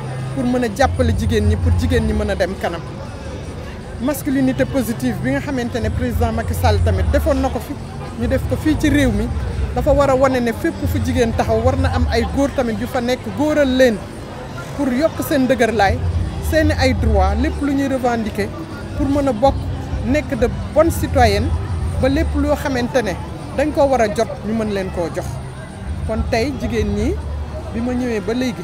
pour mën a jàppale jigéen ñi pour jigéen ñi mën a dem kanam masculinité positive bi nga xamante ne président Macky Sall tamit defoon na ko fi ñu def ko fii ci réew mi dafa war a wane ne fépp fu jigéen taxaw war na am ay góor tamit yu fa nekk góoral leen pour yokk seen dëgërlaay seeni ay droit lépp lu ñuy revendiquer pour mën a bokk nekk de bonne citoyenne ba lépp loo xamante ne dañ koo war a jot ñu mën leen koo jox kon tey jigéen ñi bi ma ñëwee ba léegi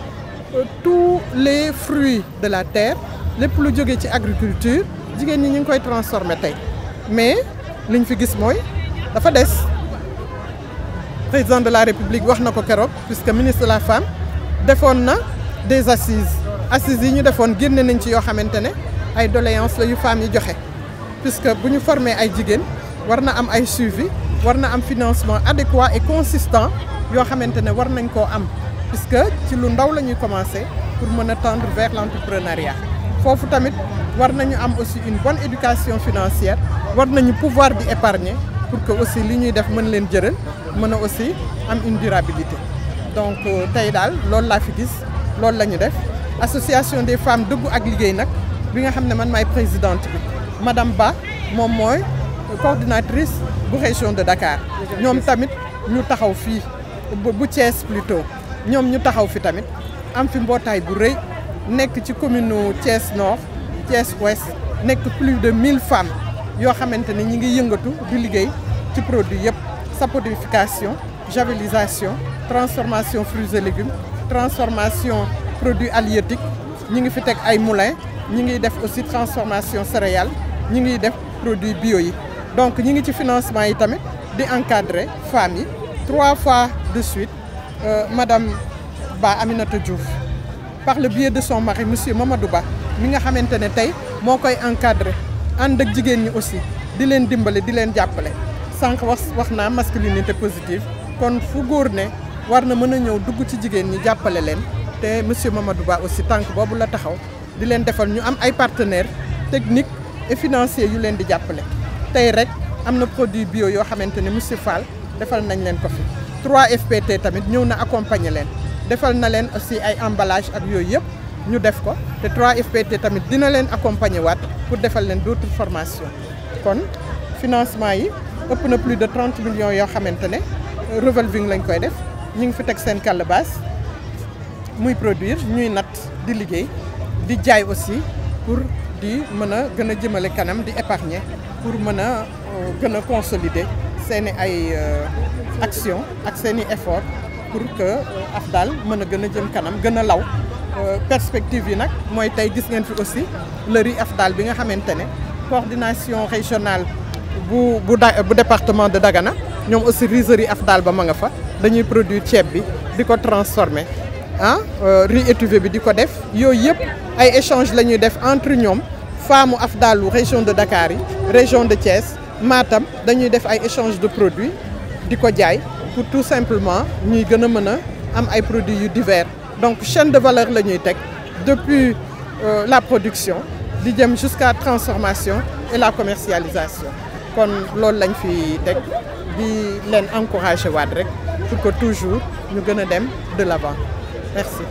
Euh, tous les fruits de la terre les plus de ci agriculture jigéen ñi koy transformer tey mais que fi gis président de la république puisque le ministre de la femme a des assises assises yi ñu defoon pour nañ ci yoo xamante ay doléances la yu femmes yi puisque buñu nous former ay jigen war am ay suivi war am financement adéquat et consistant yo xamantene war nañ am puisque ci lu ndaw lañuy ñuy commencer pour mën a tendre vers l'entrepreneuriat fofu tamit war nañu am aussi une bonne éducation financière war nañu pouvoir di épargner pour que aussi li ñuy def mën leen jëreul mën aussi am une durabilité donc euh, tay dal loolu la fi gis loolu la def association des femmes dëggu ak liggéey nag bi nga xam ne man may présidente bi madame Ba moom mooy coordinatrice bu région de Dakar ñoom tamit ñu taxaw fii bu Thiès plutôt ñom ñu taxaw fi tamit am fi mbootaay bu reuy nekk ci commune Thiès Nord Thiès Ouest nekk plus de 1000 femmes yo xamanteni ñi ngi yëngatu di liggéey ci produit yépp saponification javélisation transformation fruits et légumes transformation produits halieutiques ñi ngi fi tek ay moulins ñi ngi def aussi transformation céréales ñi ngi def produits bio yi donc ñi ngi ci financement yi tamit di encadrer femmes trois fois de suite euh, madame Ba Aminata Diouf par le biais de son mari monsieur Mamadouba, Ba mi nga xamante ne encadré en aussi di dimbale di sans masculinité positive kon fu góor ne les Mamadou aussi tant que la taxaw di partenaires techniques et financiers yu di Aujourd'hui, bio Fall 3FPT tamit ñëw na accompagner leen defal na leen aussi ay emballage ak yooyu yëpp ñu def ko te 3FPT tamit dina leen accompagner waat pour defal leen d'autres formations kon financement yi ëpp na plus de 30 millions yoo xamante ne revolving lañ koy def ñu ngi fi teg seen calebasse muy produire ñuy natt di liggéey di jaay aussi pour di mën a gën a jëmale kanam di épargner pour mën a euh, gën a consolider seeni ay euh, action ak seen effort pour que euh, AFDAL mën a gën a jëm kanam gën a law euh, perspective yi nag mooy tey gis ngeen fi aussi le riz AFDAL bi nga xamante ne coordination régionale bu bu bu département de Dagana ñoom aussi rizerie AFDAL ba ma nga fa dañuy produire ceeb bi di ko transformer ah euh, riz étuvé bi di ko def yooyu yëpp ay échange la ñuy def entre ñoom faamu AFDALu région de Dakar yi région de Thiès Matam dañuy def ay échange de produits pour tout simplement nous gagner des produits divers donc chaîne de valeur de depuis euh, la production jusqu'à la transformation et la commercialisation comme ce lañ fi encourager pour que toujours nous gagnons de l'avant merci.